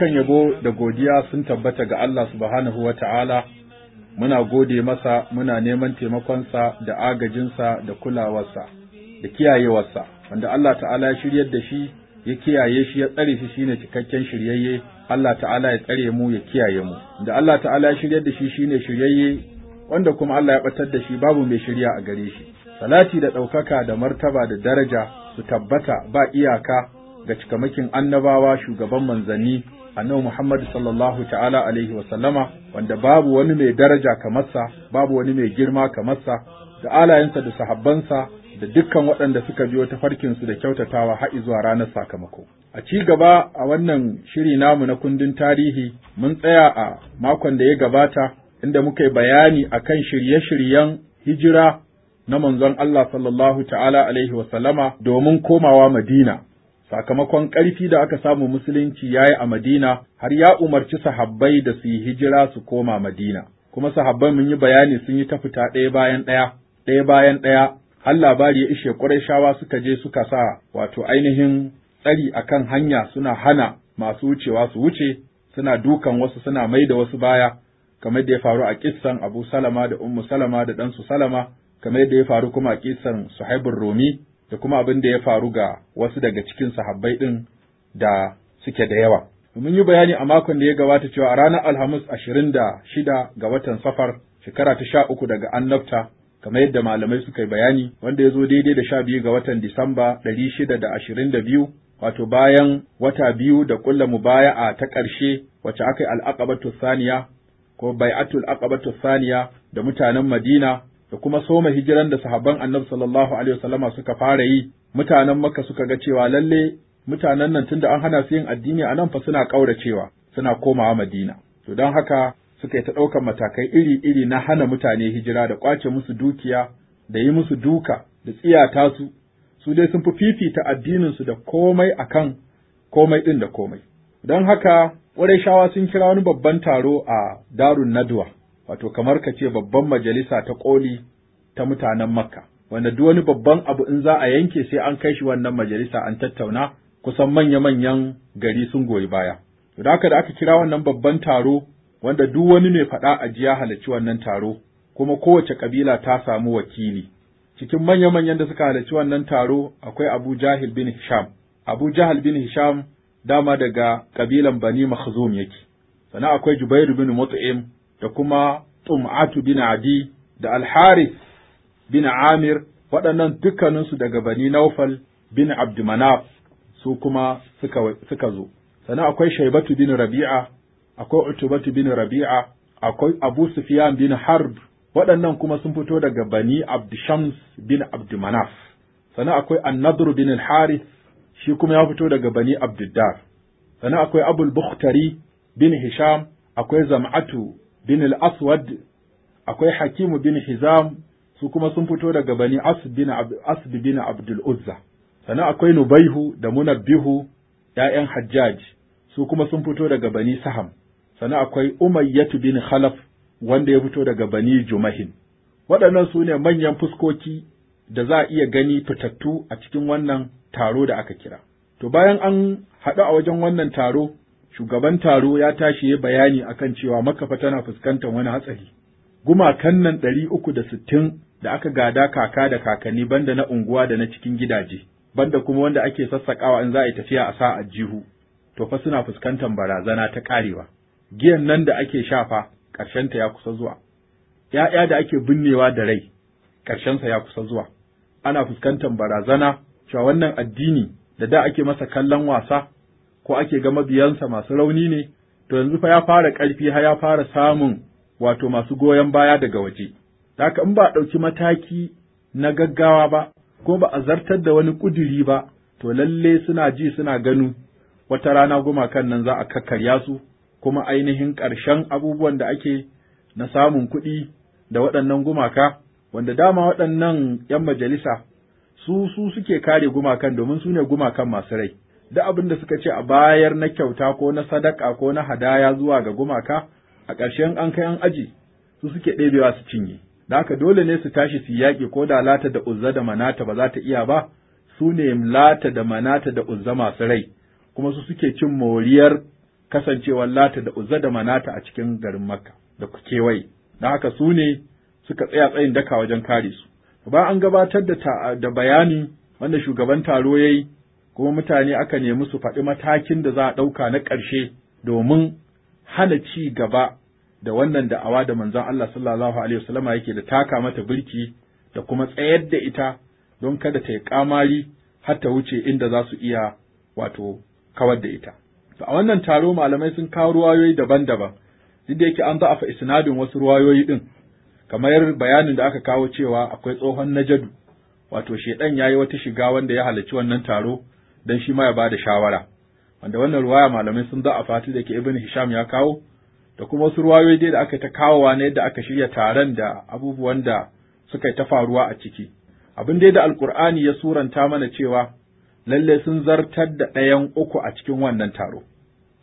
dukkan yabo da godiya sun tabbata ga Allah subhanahu wa ta'ala, muna gode masa, muna neman taimakonsa da agajinsa da kulawarsa, da kiyayewarsa, wanda Allah ta'ala ya shiryar da shi, ya kiyaye shi, ya tsare shi shine cikakken shiryayye, Allah ta'ala ya tsare mu, ya kiyaye mu. Da Allah ta'ala ya shiryar da shi shine shiryayye, wanda kuma Allah ya ɓatar da shi babu mai shirya a gare shi. Salati da ɗaukaka da martaba da daraja su tabbata ba iyaka ga cikamakin annabawa shugaban manzanni annabi Muhammad sallallahu ta'ala alaihi wa sallama wanda babu wani mai daraja kamarsa, babu wani mai girma kamar sa da alayensa da sahabbansa da dukkan waɗanda suka biyo ta su da kyautatawa har zuwa ranar sakamako. A ci gaba a wannan shiri namu na kundin tarihi mun tsaya a makon da ya gabata inda muka yi bayani akan shirye-shiryen hijira na manzon Allah sallallahu ta'ala alaihi domin komawa Madina sakamakon ƙarfi da aka samu musulunci ya yi a Madina har ya umarci sahabbai da su yi hijira su koma Madina. Kuma sahabbai mun yi bayani sun yi ta fita ɗaya bayan ɗaya, ɗaya bayan ɗaya, har labari ya ishe Qurayshawa suka je suka sa wato ainihin tsari akan hanya suna hana masu wucewa su wuce, suna dukan wasu suna mai da wasu baya, kamar da ya faru a kissan Abu Salama da Ummu Salama da ɗansu Salama, kamar da ya faru kuma a kissan Suhaibun Rumi da kuma abin da ya faru ga wasu daga cikin sahabbai ɗin da suke da yawa. Mun yi bayani a makon da ya gabata cewa a ranar Alhamis ashirin da shida ga watan safar shekara ta sha uku daga annabta kamar yadda malamai suka yi bayani wanda ya zo daidai da sha biyu ga watan Disamba ɗari shida da ashirin da biyu wato bayan wata biyu da ƙulla mubaya'a ta ƙarshe wacce aka yi al'aƙabatu saniya ko bai'atul aqabatu saniya da mutanen Madina da kuma soma hijiran da sahabban Annabi sallallahu alaihi wasallama suka fara yi mutanen Makka suka ga cewa lalle mutanen nan tunda an hana su yin addini a nan fa suna kauracewa suna komawa Madina to don haka suka yi ta ɗaukar matakai iri-iri na hana mutane hijira da kwace musu dukiya da yi musu duka da tsiya tasu, su dai sun fi fifita addinin su da komai akan komai din da komai don haka shawa sun kira wani babban taro a darun nadwa wato kamar ka ce babban majalisa ta koli ta mutanen makka wanda duk wani babban abu in za a yanke sai an kai shi wannan majalisa an tattauna kusan manya-manyan gari sun goyi baya to da haka da aka kira wannan babban taro wanda duk wani mai faɗa a ji ya halarci wannan taro kuma kowace kabila ta samu wakili cikin manya-manyan da suka halarci wannan taro akwai Abu Jahil bin Hisham Abu jahil bin Hisham dama daga kabilan Bani Makhzum yake sannan akwai Jubairu bin Mut'im da kuma Tsum'atu bin Adi da Alharis bin Amir waɗannan dukkaninsu daga Bani Naufal bin Abdumanaf su kuma suka, suka zo. Sannan akwai Shaibatu bin Rabi'a, akwai Utubatu bin Rabi'a, akwai Abu Sufyan bin Harb, waɗannan kuma sun fito daga Bani Abdushams bin Abdumanaf. Sannan akwai Annadru bin Haris, shi kuma ya fito daga Bani Abduddar. Sannan akwai Abul Bukhtari bin Hisham, akwai Zam'atu bin al-aswad akwai hakimu bin hizam su kuma sun fito daga bani asbi bin abdul uzza sannan akwai nubaihu da munabbihu ‘ya'yan hajjaj su kuma sun fito daga bani saham sannan akwai umayyatu bin khalaf wanda ya fito daga bani jumahin waɗannan su ne manyan fuskoki da za a iya gani fitattu a cikin wannan taro da aka kira to bayan an haɗu a wajen wannan taro shugaban taro ya tashi ya bayani akan cewa makafa tana fuskantar wani hatsari gumakan nan ɗari uku da sittin da aka gada kaka da kakanni banda na unguwa da na cikin gidaje banda kuma wanda ake sassaƙawa in za a yi tafiya a sa a jihu to fa suna fuskantar barazana ta ƙarewa giyan nan da ake shafa ƙarshenta ya kusa zuwa ‘ya'ya da ake binnewa da rai ƙarshensa ya kusa zuwa ana fuskantar barazana cewa wannan addini da da ake masa kallon wasa ko ake ga mabiyansa masu rauni ne to yanzu fa ya fara ƙarfi har ya fara samun wato masu goyon baya daga waje haka in ba a ɗauki mataki na gaggawa ba ko ba a zartar da wani ƙuduri ba to lalle suna ji suna ganu wata rana gumakan nan za a kakkarya su kuma ainihin ƙarshen abubuwan da ake na samun kuɗi da waɗannan gumaka wanda dama waɗannan ‘yan majalisa su su suke kare gumakan domin su ne gumakan masu rai duk abin da suka ce a bayar na kyauta ko na sadaka ko na hadaya zuwa ga gumaka a ƙarshen an kai an aji su suke ɗebewa su cinye da haka dole ne su tashi su yaƙi ko da lata da uzza da manata ba za ta iya ba su ne lata da manata da uzza masu rai kuma su suke cin moriyar kasancewar lata da uzza da manata a cikin garin makka da kewaye da haka su ne suka tsaya tsayin daka wajen kare su ba an gabatar da, da bayani wanda shugaban taro ya yi kuma mutane aka nemi su faɗi matakin da za a ɗauka na ƙarshe domin hana ci gaba da wannan da'awa da manzon Allah sallallahu alaihi wasallam yake da taka mata birki da kuma tsayar da ita don kada ta yi kamari har ta wuce inda za su iya wato kawar da ita. To a wannan taro malamai sun kawo ruwayoyi daban-daban, duk da yake an fa isnadin wasu ruwayoyi ɗin, kamar bayanin da aka kawo cewa akwai tsohon najadu, wato shedan ya yi wata shiga wanda ya halarci wannan taro, dan shi ma ya bada shawara wanda wannan ruwaya malamai sun da a da ke ibn hisham ya kawo da kuma wasu ruwayoyi dai da aka ta kawowa ne yadda aka shirya taron da abubuwan da suka yi ta faruwa a ciki abin dai da alkur'ani ya suranta mana cewa lalle sun zartar da ɗayan uku a cikin wannan taro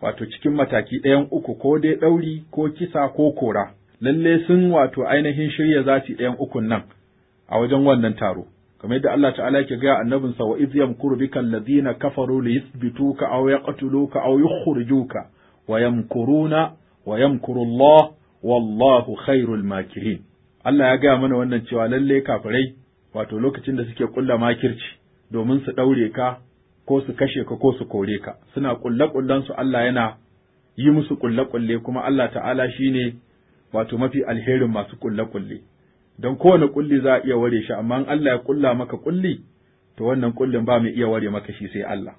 wato cikin mataki ɗayan uku ko dai ɗauri ko kisa ko kora lalle sun wato ainihin shirya zati ɗayan ukun nan a wajen wannan taro kamar yadda Allah ta'ala yake gaya annabin sa wa iz yamkuru bika alladhina kafaru li yuthbituka aw yaqtuluka aw yukhrijuka wa yamkuruna wa yamkuru Allah wallahu khairul makirin Allah ya gaya mana wannan cewa lalle kafirai wato lokacin da suke kulla makirci domin su daure ka ko su kashe ka ko su kore ka suna ƙulle kullan su Allah yana yi musu ƙulle kulle kuma Allah ta'ala shine wato mafi alherin masu kulle kulle don kowane kulli za a iya ware shi amma in Allah ya kulla maka kulli to wannan kullin ba mai iya ware maka shi sai Allah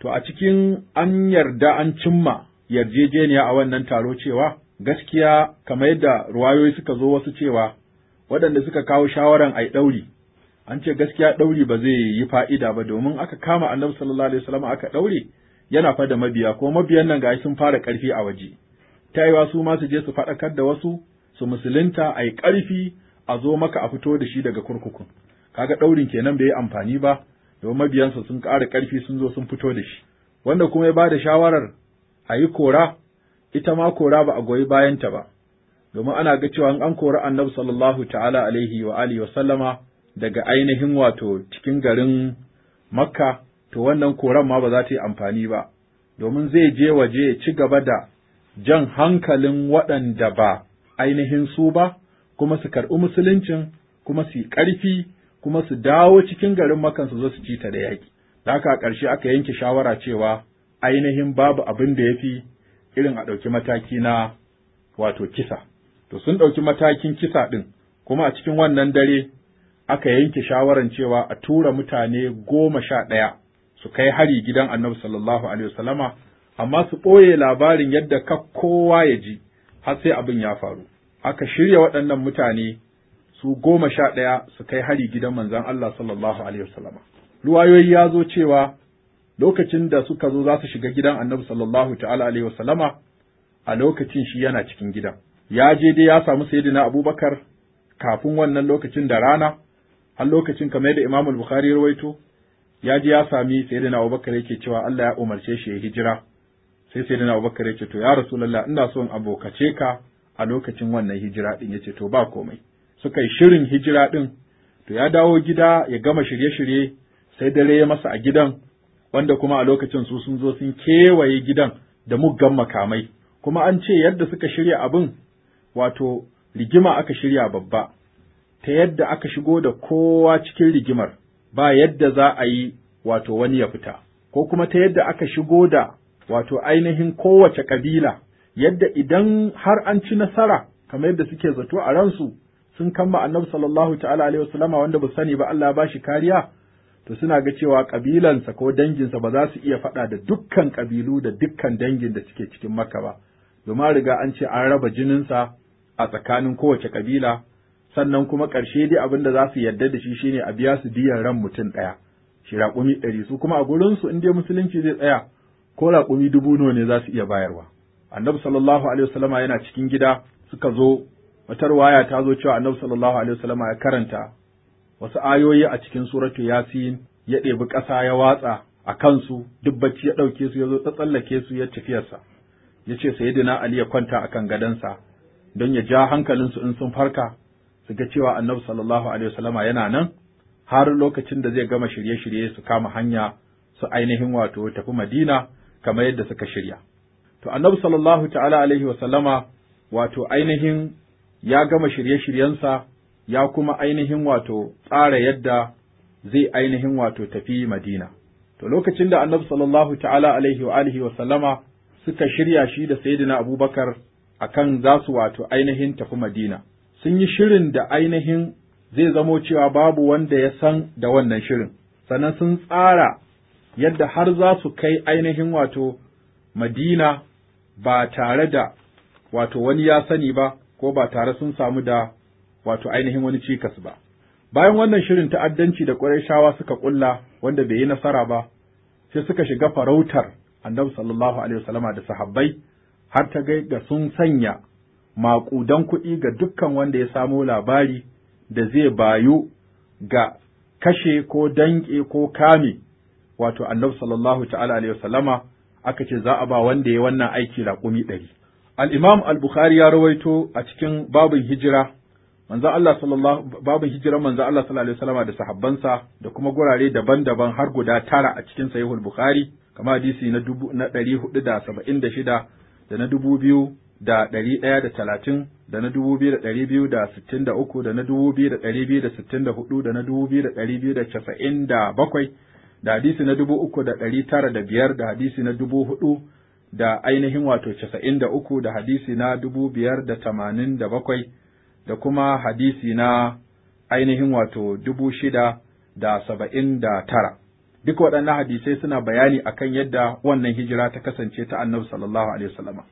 to a cikin an yarda an cimma yarjejeniya a wannan taro cewa gaskiya kamar yadda ruwayoyi suka zo wasu cewa waɗanda suka kawo shawaran ai ɗauri an ce gaskiya ɗauri ba zai yi fa'ida ba domin aka kama annabi sallallahu alaihi wasallam aka ɗaure yana fa da mabiya ko mabiyan nan shi sun fara ƙarfi a waje ta su ma su je su faɗakar da wasu su musulunta ai ƙarfi a zo maka a fito da shi daga kurkukun kaga ɗaurin kenan bai yi amfani ba domin mabiyansa sun ƙara ƙarfi sun zo sun fito da shi wanda kuma ya ba da shawarar a yi kora ita ma kora ba a goyi bayanta ba domin ana ga cewa an kori annabi sallallahu ta'ala alaihi wa alihi wa sallama daga ainihin wato cikin garin makka to wannan koran ma ba za ta yi amfani ba domin zai je waje ya ci gaba da jan hankalin waɗanda ba ainihin su ba kuma su karɓi musuluncin kuma su yi ƙarfi kuma su dawo cikin garin makan su zo su ci ta da yaƙi da haka a ƙarshe aka yanke shawara cewa ainihin babu abin da ya fi irin a ɗauki mataki na wato kisa to sun ɗauki matakin kisa ɗin kuma a cikin wannan dare aka yanke shawaran cewa a tura mutane goma sha ɗaya su kai hari gidan annabi sallallahu alaihi wasallama amma su ɓoye labarin yadda ka kowa ya ji har sai abin ya faru aka shirya waɗannan mutane su goma sha ɗaya su kai hari gidan manzan Allah sallallahu alaihi wasallama ruwayoyi ya zo cewa lokacin da suka zo za su shiga gidan annabi sallallahu ta'ala alaihi wasallama a lokacin shi yana cikin gidan ya je dai ya samu na abubakar kafin wannan lokacin da rana har lokacin kamar da Imam bukhari ya rawaito ya je ya sami na abubakar yake cewa Allah ya umarce shi ya hijira sai na abubakar ya ce to ya lalla ina son abokace ka a lokacin wannan hijira ɗin ya ce to ba komai suka yi shirin hijira ɗin to ya dawo gida ya gama shirye-shirye sai dare ya masa a gidan wanda kuma a lokacin su sun zo sun kewaye gidan da muggan makamai kuma an ce yadda suka shirya abin wato rigima aka shirya babba ta yadda aka shigo da kowa cikin rigimar ba yadda za a yi wato wani ya fita ko kuma ta yadda aka shigo da wato ainihin kowace kabila yadda idan har an ci nasara kamar yadda suke zato a ransu sun kama annabi sallallahu ta'ala alaihi wasallama wanda ba sani ba Allah ya bashi kariya to suna ga cewa kabilansa ko danginsa ba za su iya faɗa da dukkan kabilu da dukkan dangin da suke cikin Makka ba domin riga an ce an raba jininsa a tsakanin kowace kabila sannan kuma ƙarshe dai abin da za su yarda da shi shine a biya su diyan ran mutum ɗaya shi raƙumi ɗari su kuma a gurinsu in dai musulunci zai tsaya ko raƙumi dubu nawa ne za su iya bayarwa annabi sallallahu alaihi wasallama yana cikin gida suka zo wata ruwaya ta zo cewa annabi sallallahu alaihi wasallama ya karanta wasu ayoyi a cikin suratu yasin ya ɗebi ƙasa ya watsa a kansu duk bacci ya ɗauke su ya zo tsallake su ya tafiyarsa ya ce sayyidina ali ya kwanta akan gadonsa don ya ja hankalinsu in sun farka su ga cewa annabi sallallahu alaihi wasallama yana nan har lokacin da zai gama shirye-shirye su kama hanya su ainihin wato tafi madina kamar yadda suka shirya to annabi sallallahu ta'ala alaihi wa sallama wato ainihin ya gama shirye-shiryensa ya kuma ainihin wato tsara yadda zai ainihin wato tafi Madina to lokacin da annabi sallallahu ta'ala alaihi wa alihi wa sallama suka shirya shi da sayyidina Abubakar akan za su wato ainihin tafi Madina sun yi shirin da ainihin zai zamo cewa babu wanda ya san da wannan shirin sannan sun tsara yadda har za su kai ainihin wato Madina ba tare da wato wani ya sani ba ko ba tare sun samu da wato ainihin wani cikas ba. Bayan wannan shirin ta'addanci da Qurayshawa suka ƙulla wanda bai yi nasara ba, sai suka shiga farautar Annabi sallallahu alaihi wasallama da sahabbai har ta gai da sun sanya maƙudan kuɗi ga dukkan wanda ya samo labari da zai bayu ga kashe ko danƙe ko kame wato Annabi sallallahu ta'ala alaihi wasallama aka ce za a ba wanda ya wannan aiki raƙumi ɗari. Al'imam al-Bukhari ya rawaito a cikin babin hijira, manzan Allah sallallahu babin hijiran manzan Allah sallallahu alaihi wasallama da sahabbansa da kuma gurare daban-daban har guda tara a cikin sahihul Bukhari, kama hadisi na dubu na ɗari hudu da saba'in da shida da na dubu biyu da ɗari ɗaya da talatin da na dubu biyu da ɗari biyu da sittin da uku da na dubu biyu da ɗari biyu da sittin da hudu da na dubu biyu da ɗari biyu da casa'in da bakwai da hadisi na dubu uku da ɗari tara da biyar da hadisi na dubu hudu da ainihin wato casa'in da uku da hadisi na dubu biyar da tamanin da bakwai da kuma hadisi na ainihin wato dubu shida da saba'in da tara. Duk waɗannan hadisai suna bayani akan yadda wannan hijira ta kasance ta annabi sallallahu alaihi wasallama.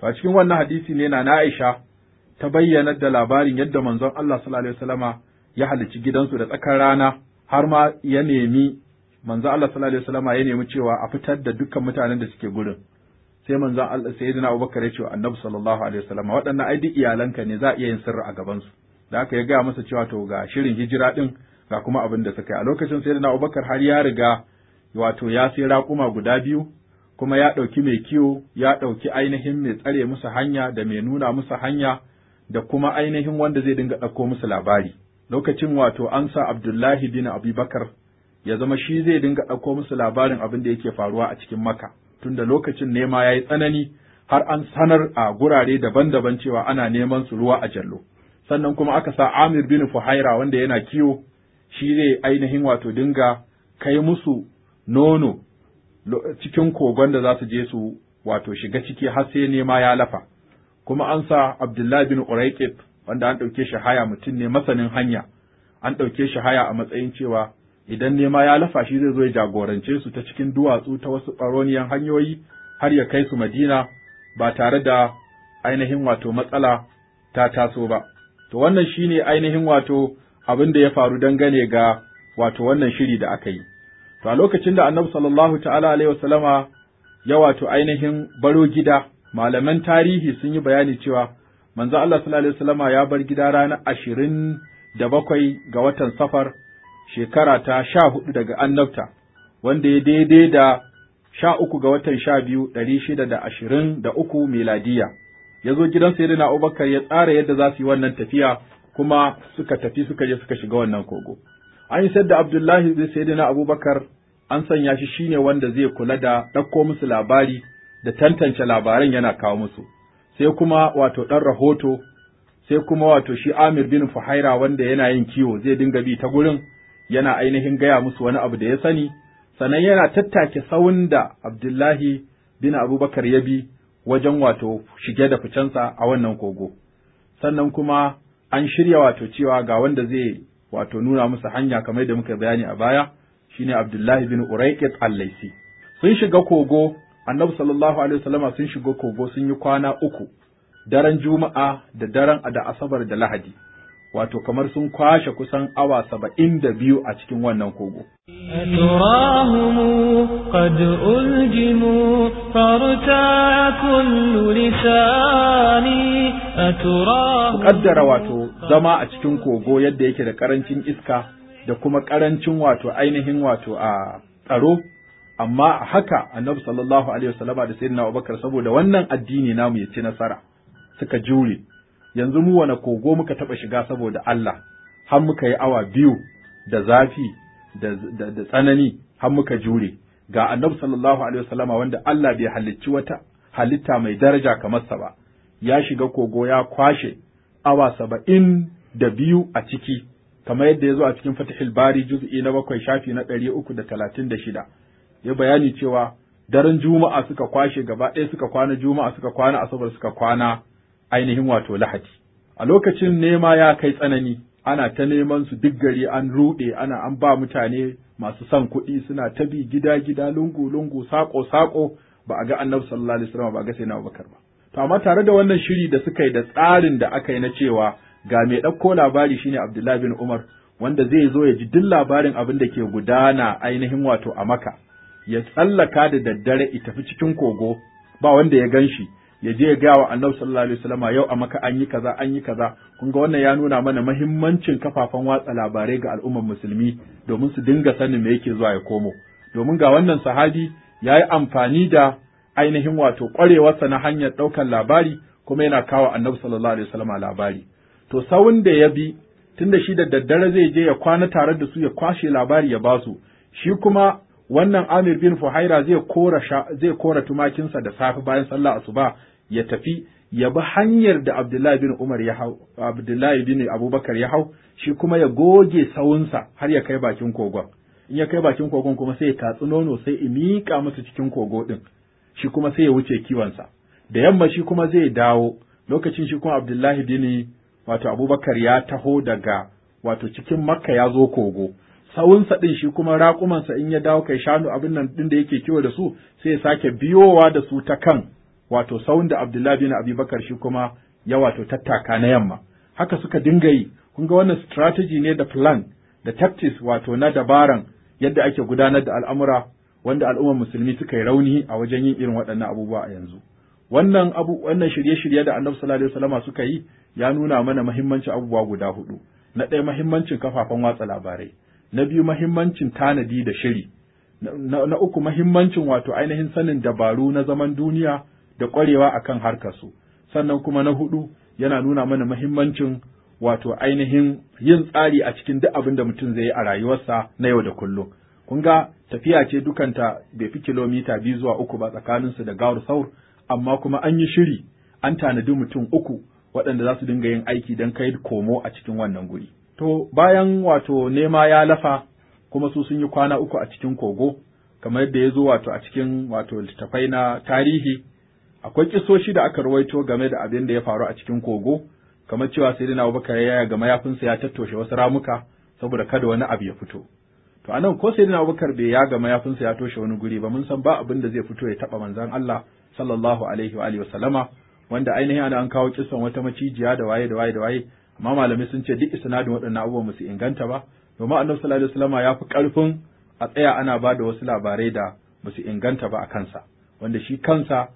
To a cikin wannan hadisi ne na Aisha ta bayyana da labarin yadda manzon Allah sallallahu alaihi wasallama ya halicci gidansu da tsakar rana har ma ya nemi manzo Allah sallallahu alaihi wasallam ya nemi cewa a fitar da dukkan mutanen da suke gurin sai manzo Allah sayyidina Abubakar ya ce Annabi sallallahu alaihi wasallam waɗannan ai duk iyalanka ne za a iya yin sirri a gaban su da aka ya gaya masa cewa to ga shirin hijira din ga kuma abin da suka yi a lokacin sayyidina Abubakar har ya riga wato ya sai raƙuma guda biyu kuma ya ɗauki mai kiwo ya ɗauki ainihin mai tsare musu hanya da mai nuna musu hanya da kuma ainihin wanda zai dinga ɗauko musu labari lokacin wato ansa Abdullahi bin Abubakar ya zama shi zai dinga ɗauko musu labarin abin da yake faruwa a cikin Makka tunda lokacin nema ya yi tsanani har an sanar a gurare daban-daban cewa ana neman su ruwa a jallo sannan kuma aka sa Amir bin Fuhaira wanda yana kiwo shi zai ainihin wato dinga kai musu nono cikin kogon da za su je su wato shiga ciki har sai nema ya lafa kuma an sa Abdullahi bin Uraiqit wanda an ɗauke shi haya mutum ne masanin hanya an ɗauke shi haya a matsayin cewa idan nema ya lafa shi zai zo ya jagorance su ta cikin duwatsu ta wasu ɓaroniyan hanyoyi har ya kai su Madina ba tare da ainihin wato matsala ta taso ba. To wannan shi ne ainihin wato abin da ya faru dangane ga wato wannan shiri da aka yi. To a lokacin da Annabi sallallahu ta'ala alaihi sallama ya wato ainihin baro gida malaman tarihi sun yi bayani cewa manzo Allah sallallahu alaihi sallama ya bar gida ranar ashirin da bakwai ga watan safar shekara ta sha hudu daga annabta, wanda ya daidai da sha uku ga watan sha biyu ɗari shida da ashirin da uku miladiya. Ya zo gidan na Abubakar ya tsara yadda za su yi wannan tafiya kuma suka tafi suka je suka shiga wannan kogo. An yi da Abdullahi zai na Abubakar an sanya shi shine wanda zai kula da ɗauko musu labari da tantance labaran yana kawo musu. Sai kuma wato ɗan rahoto sai kuma wato shi Amir bin Fuhaira wanda yana yin kiwo zai dinga bi ta gurin yana ainihin gaya musu wani abu da ya sani sannan yana tattake sawun da Abdullahi bin Abubakar ya bi wajen wato shige da ficensa a wannan kogo sannan kuma an shirya wato cewa ga wanda zai wato nuna musu hanya kamar da muka bayani a baya shine Abdullahi bin Uraiqit al-Laisi sun shiga kogo Annabi sallallahu alaihi wasallama sun shiga kogo sun yi kwana uku daren Juma'a da daren da Asabar da Lahadi wato kamar sun kwashe kusan awa saba'in da biyu a cikin wannan kogo. Ƙaddara wato zama zama cikin kogo yadda yake yake da ƙarancin iska da kuma ƙarancin wato ainihin wato a tsaro amma a haka annabi sallallahu alaihi wasallama da sayyidina Abubakar saboda wannan addini namu ya ci nasara suka jure yanzu mu wane kogo muka taɓa shiga saboda Allah, har muka yi awa biyu da zafi da tsanani har muka jure, ga annabi sallallahu Alaihi wasallama wanda Allah bai halicci wata halitta mai daraja kamar sa ba, ya shiga kogo ya kwashe awa saba'in da biyu a ciki, kamar yadda ya zo a cikin Fatihil Bari juz'i na bakwai shafi na ɗari uku da talatin da shida, ya bayani cewa daren Juma'a suka kwashe gaba ɗaya suka kwana Juma'a suka kwana Asabar suka kwana ainihin wato lahadi a lokacin nema ya kai tsanani ana ta neman su duk gari an ruɗe ana an ba mutane masu son kuɗi suna ta bi gida gida lungu lungu sako sako ba a ga annabi sallallahu alaihi wasallam ba a ga sayyidina Abubakar ba to amma tare da wannan shiri da suka yi da tsarin da aka yi na cewa ga mai ɗauko labari shine Abdullahi bin Umar wanda zai zo ya ji duk labarin abin da ke gudana ainihin wato a maka ya tsallaka da daddare ya tafi cikin kogo ba wanda ya ganshi. ya je ya gaya wa annabi sallallahu alaihi wasallam yau a maka an yi kaza an yi kaza kun ga wannan ya nuna mana mahimmancin kafafen watsa labarai ga al'ummar musulmi domin su dinga sanin me yake zuwa ya komo domin ga wannan sahabi ya yi amfani da ainihin wato kwarewarsa na hanyar ɗaukan labari kuma yana kawo annabi sallallahu alaihi wasallam labari to sawun da ya bi tunda shi da daddare zai je ya kwana tare da su ya kwashe labari ya basu shi kuma wannan Amir bin Fuhaira zai kora zai kora tumakinsa da safe bayan sallah asuba ya tafi ya bi hanyar da Abdullahi bin Umar ya hau Abdullahi bin Abubakar ya hau shi kuma ya goge sawunsa har ya kai bakin kogon in ya kai bakin kogon kuma sai ya tatsu nono sai ya miƙa musu cikin kogo din shi kuma sai ya wuce kiwonsa da yamma shi kuma zai dawo lokacin shi kuma Abdullahi bin wato Abubakar ya taho daga wato cikin Makka ya zo kogo sawunsa ɗin shi kuma raƙumansa in ya dawo kai shanu abin nan ɗin da yake kiwo da su sai ya sake biyowa da su ta kan wato sawun da Abdullahi bin Abi Bakar shi kuma ya wato tattaka na yamma haka suka dinga yi kun ga wannan strategy ne da plan da tactics wato na dabaran yadda ake gudanar da al'amura wanda al'ummar musulmi suka yi rauni a wajen yin irin waɗannan abubuwa a yanzu wannan abu wannan shirye-shirye da Annabi sallallahu alaihi wasallam suka yi ya nuna mana muhimmancin abubuwa guda hudu na ɗaya muhimmancin kafafen watsa labarai na biyu muhimmancin tanadi da shiri na, na uku muhimmancin wato ainihin sanin dabaru na zaman duniya da ƙwarewa a kan harkarsu sannan kuma na hudu yana nuna mana muhimmancin wato ainihin yin tsari a cikin duk abin da mutum zai yi a rayuwarsa na yau da kullum kun ga tafiya ce dukanta bai fi kilomita biyu zuwa uku ba tsakaninsu da gawar saur amma kuma an yi shiri an tanadi mutum uku waɗanda za su dinga yin aiki don kai komo a cikin wannan guri. To bayan wato nema ya lafa kuma su sun yi kwana uku a cikin kogo kamar yadda ya zo wato a cikin wato littafai na tarihi akwai kisoshi da aka ruwaito game da abin da ya faru a cikin kogo kamar cewa sai dina abubakar ya yaya mayafinsa ya tattoshe wasu ramuka saboda kada wani abu ya fito to anan ko sai dina abubakar bai yaga mayafinsa ya toshe wani guri ba mun san ba abin da zai fito ya taba manzan Allah sallallahu alaihi wa alihi wasallama wanda ainihin ana an kawo kisan wata macijiya da waye da waye da waye amma malamai sun ce duk isnadin waɗannan abubuwan musu inganta ba domin annabi sallallahu alaihi wasallama ya fi ƙarfin a tsaya ana ba da wasu labarai da musu inganta ba a kansa wanda shi kansa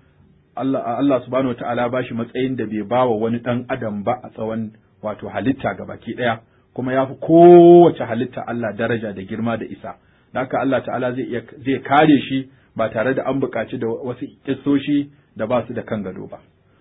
Allah Allah subhanahu wataala ba shi matsayin da bai bawa wani ɗan adam ba a tsawon wato halitta ga baki ɗaya. kuma ya fi kowace halitta Allah daraja da girma da isa da haka Allah ta'ala zai zai kare shi ba tare da an buƙaci da wasu kissoshi da ba su da kan gado ba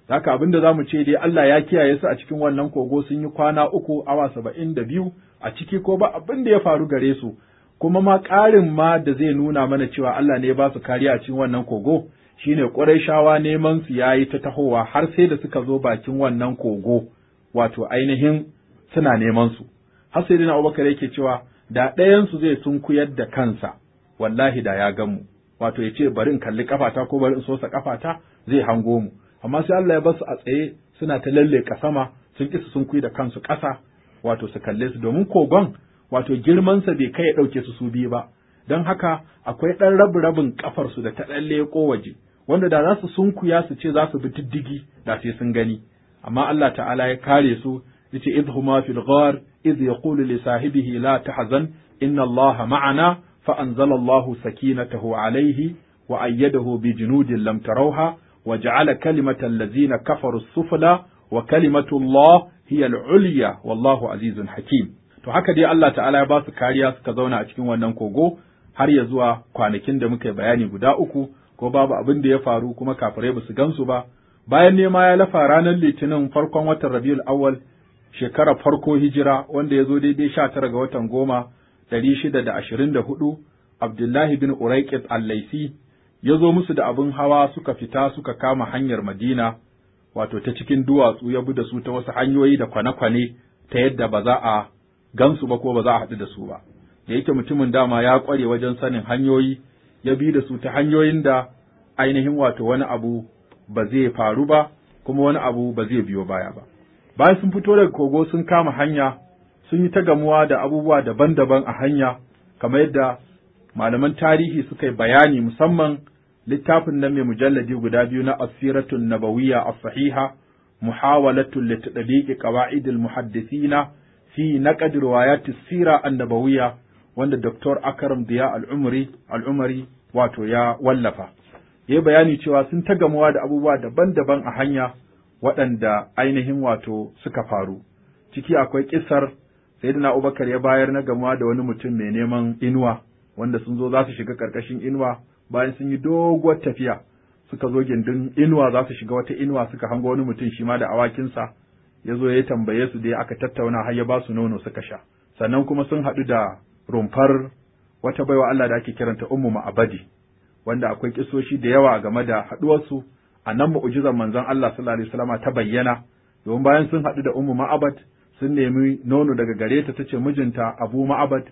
da haka abin da za mu ce dai Allah ya kiyaye su a cikin wannan kogo sun yi kwana uku awa saba'in da biyu a ciki ko ba abin da ya faru gare su kuma ma ƙarin ma da zai nuna mana cewa Allah ne ya ba su kariya a cikin wannan kogo shine shawa neman su yayi ta tahowa har sai da suka zo bakin wannan kogo wato ainihin suna neman su har sai dai Abubakar yake cewa da ɗayan su zai sunkuyar da kansa wallahi da ya gan mu wato ya ce bari in kalli kafata ko bari in sosa kafata zai hango mu amma sai Allah ya basu a tsaye suna ta lalle sama sun kisa sun kuyi da kansu ƙasa wato su kalle su domin kogon wato girmansa bai kai ya ɗauke su su biyu ba don haka akwai ɗan rabu rabin ƙafarsu da ta ɗan leƙo waje wanda da za su sunkuya su ce za su bi diddigi da sai sun gani amma Allah ta'ala ya kare su yace idhuma fil ghar idh yaqulu li sahibihi la tahzan inna Allah ma'ana fa anzala Allah sakinatahu alayhi wa ayyadahu bi junudin lam tarawha wa ja'ala kalimatal lazina, kafaru sufla wa kalimatu Allah hiya al-ulya wallahu azizun hakim to haka dai Allah ta'ala ya ba su kariya suka zauna a cikin wannan kogo har ya zuwa kwanakin da muka yi bayani guda uku ko babu abin da ya faru kuma kafirai ba su gansu ba bayan nema ya lafa ranar litinin farkon watan rabiul awwal shekara farko hijira wanda ya zo daidai sha tara ga watan goma ɗari shida da ashirin da hudu abdullahi bin uraiqit Allaisi. ya zo musu da abin hawa suka fita suka kama hanyar madina wato ta cikin duwatsu ya bi da su ta wasu hanyoyi da kwane-kwane ta yadda ba za a gansu ba ko ba za a haɗu da su ba da yake mutumin dama ya ƙware wajen sanin hanyoyi ya bi da su ta hanyoyin da ainihin wato wani abu ba zai faru ba kuma wani abu ba zai biyo baya ba bayan sun fito daga kogo sun kama hanya sun yi ta gamuwa da abubuwa daban-daban a hanya kamar yadda malaman tarihi suka yi bayani musamman littafin nan mai mujalladi guda biyu na asiratun nabawiyya a sahiha muhawalatun litadbiqi qawaid muhaddisina fi naqd riwayat sira an nabawiya wanda Dr. Akram Diya Al-Umri al wato ya wallafa yayi bayani cewa sun ta gamuwa da abubuwa daban-daban a hanya waɗanda ainihin wato suka faru ciki akwai kisar sayyidina Abubakar ya bayar na gamuwa da wani mutum mai neman inuwa wanda sun zo za su shiga ƙarƙashin inuwa bayan sun yi doguwar tafiya suka zo gindin inuwa za su shiga wata inuwa suka hango wani mutum shi ma da awakinsa ya zo ya tambaye su dai aka tattauna har ya ba su nono suka sha sannan kuma sun haɗu da rumfar wata baiwa Allah da ake kiranta Ummu Ma'abadi wanda akwai kisoshi da yawa game da haɗuwarsu a nan mu'ujizar manzon Allah sallallahu alaihi wasallama ta bayyana domin bayan sun haɗu da Ummu Ma'abad sun nemi nono daga gare ta tace mijinta Abu Ma'abad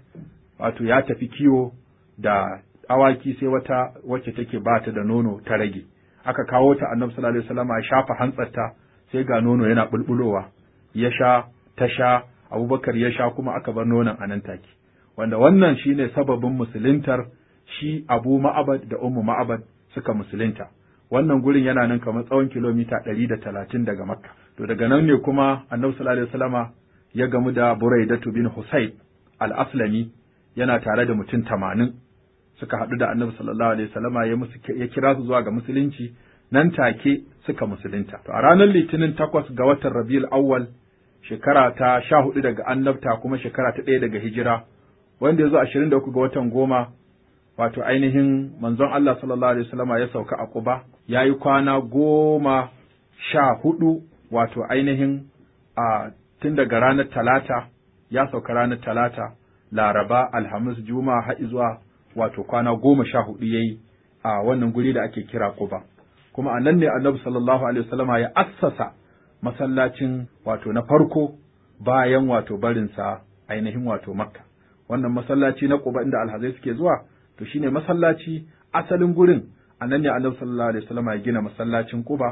wato ya tafi kiwo da awaki sai wata wacce take ba ta da nono ta rage aka kawo ta annabi sallallahu alaihi wasallama ya shafa hantsarta sai ga nono yana bulbulowa ya sha ta sha Abubakar ya sha kuma aka bar nonon a nan take wanda wannan shine sababin musuluntar shi Abu Ma'abad da Ummu Ma'abad suka musulunta wannan gurin yana nan kamar tsawon kilomita ɗari da talatin daga Makka to daga nan ne kuma Annabi sallallahu alaihi wasallama ya gamu da Buraidatu bin Husayb al-Aslami yana tare da mutum tamanin suka haɗu da Annabi sallallahu alaihi wasallama ya musu ya kira su zuwa ga musulunci nan take suka musulunta to a ranar Litinin takwas ga watan Rabiul Awwal shekara ta sha hudu daga annabta kuma shekara ta ɗaya daga hijira wanda ya zo ashirin da uku ga watan goma wato ainihin manzon Allah sallallahu alaihi wasallama ya sauka a Quba ya yi kwana goma sha hudu wato ainihin a tun daga ranar talata ya sauka ranar talata laraba alhamis Juma har zuwa wato kwana goma sha hudu ya yi a wannan guri da ake kira Quba kuma a nan ne annabi sallallahu alaihi wasallama ya assasa masallacin wato na farko bayan wato barinsa ainihin wato makka wannan masallaci na Quba inda alhazai suke zuwa to shine masallaci asalin gurin Annan ne Annabi sallallahu alaihi wasallam ya gina masallacin Quba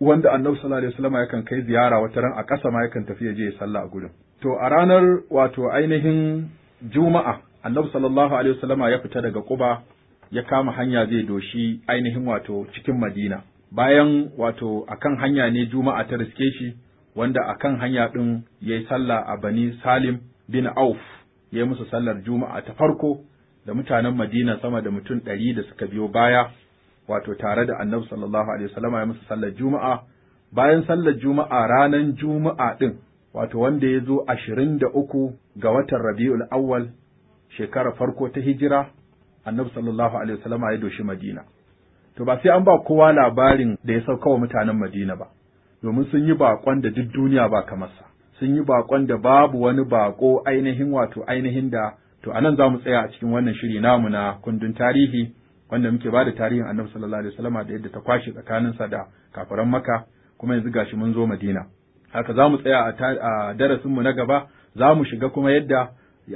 wanda Annabi sallallahu alaihi wasallam yakan kai ziyara wata ran a ƙasa ma yakan tafi ya je sallah a gurin to a ranar wato ainihin Juma'a Annabi sallallahu alaihi wasallam ya fita daga Quba ya kama hanya zai doshi ainihin wato cikin Madina bayan wato akan hanya ne Juma'a ta riske shi wanda akan hanya ɗin yayi sallah a bani Salim bin Auf ya yi musu sallar juma'a ta farko da mutanen Madina sama da mutum ɗari da suka biyo baya wato tare da Annabi sallallahu alaihi wasallam ya musu sallar juma'a bayan sallar juma'a ranar juma'a din wato wanda ya zo ashirin da uku ga watan Rabi'ul Awwal shekarar farko ta hijira Annabi sallallahu alaihi wasallam ya doshi Madina to ba sai an ba kowa labarin da ya sauka wa mutanen Madina ba domin sun yi baƙon da duk duniya ba kamar sa sun yi bakon da babu wani bako ainihin wato ainihin da to anan za mu tsaya a cikin wannan shiri namu na kundin tarihi wanda muke ba da tarihin annabi sallallahu alaihi wasallama da yadda ta kwashe tsakaninsa da kafiran maka kuma yanzu gashi mun zo madina haka za mu tsaya a darasin mu na gaba za mu shiga kuma yadda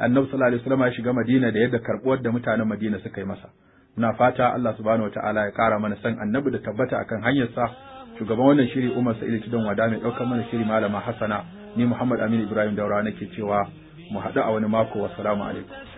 annabi sallallahu alaihi wasallama ya shiga madina da yadda karbuwar da mutanen madina suka yi masa muna fata Allah subhanahu wataala ya kara mana san annabi da tabbata akan hanyarsa shugaban wannan shiri Umar Sa'id Tudun Wada mai ɗaukar mana shiri Malama Hassana ni Muhammad Aminu Ibrahim Daura nake cewa mu haɗu a wani mako wassalamu alaikum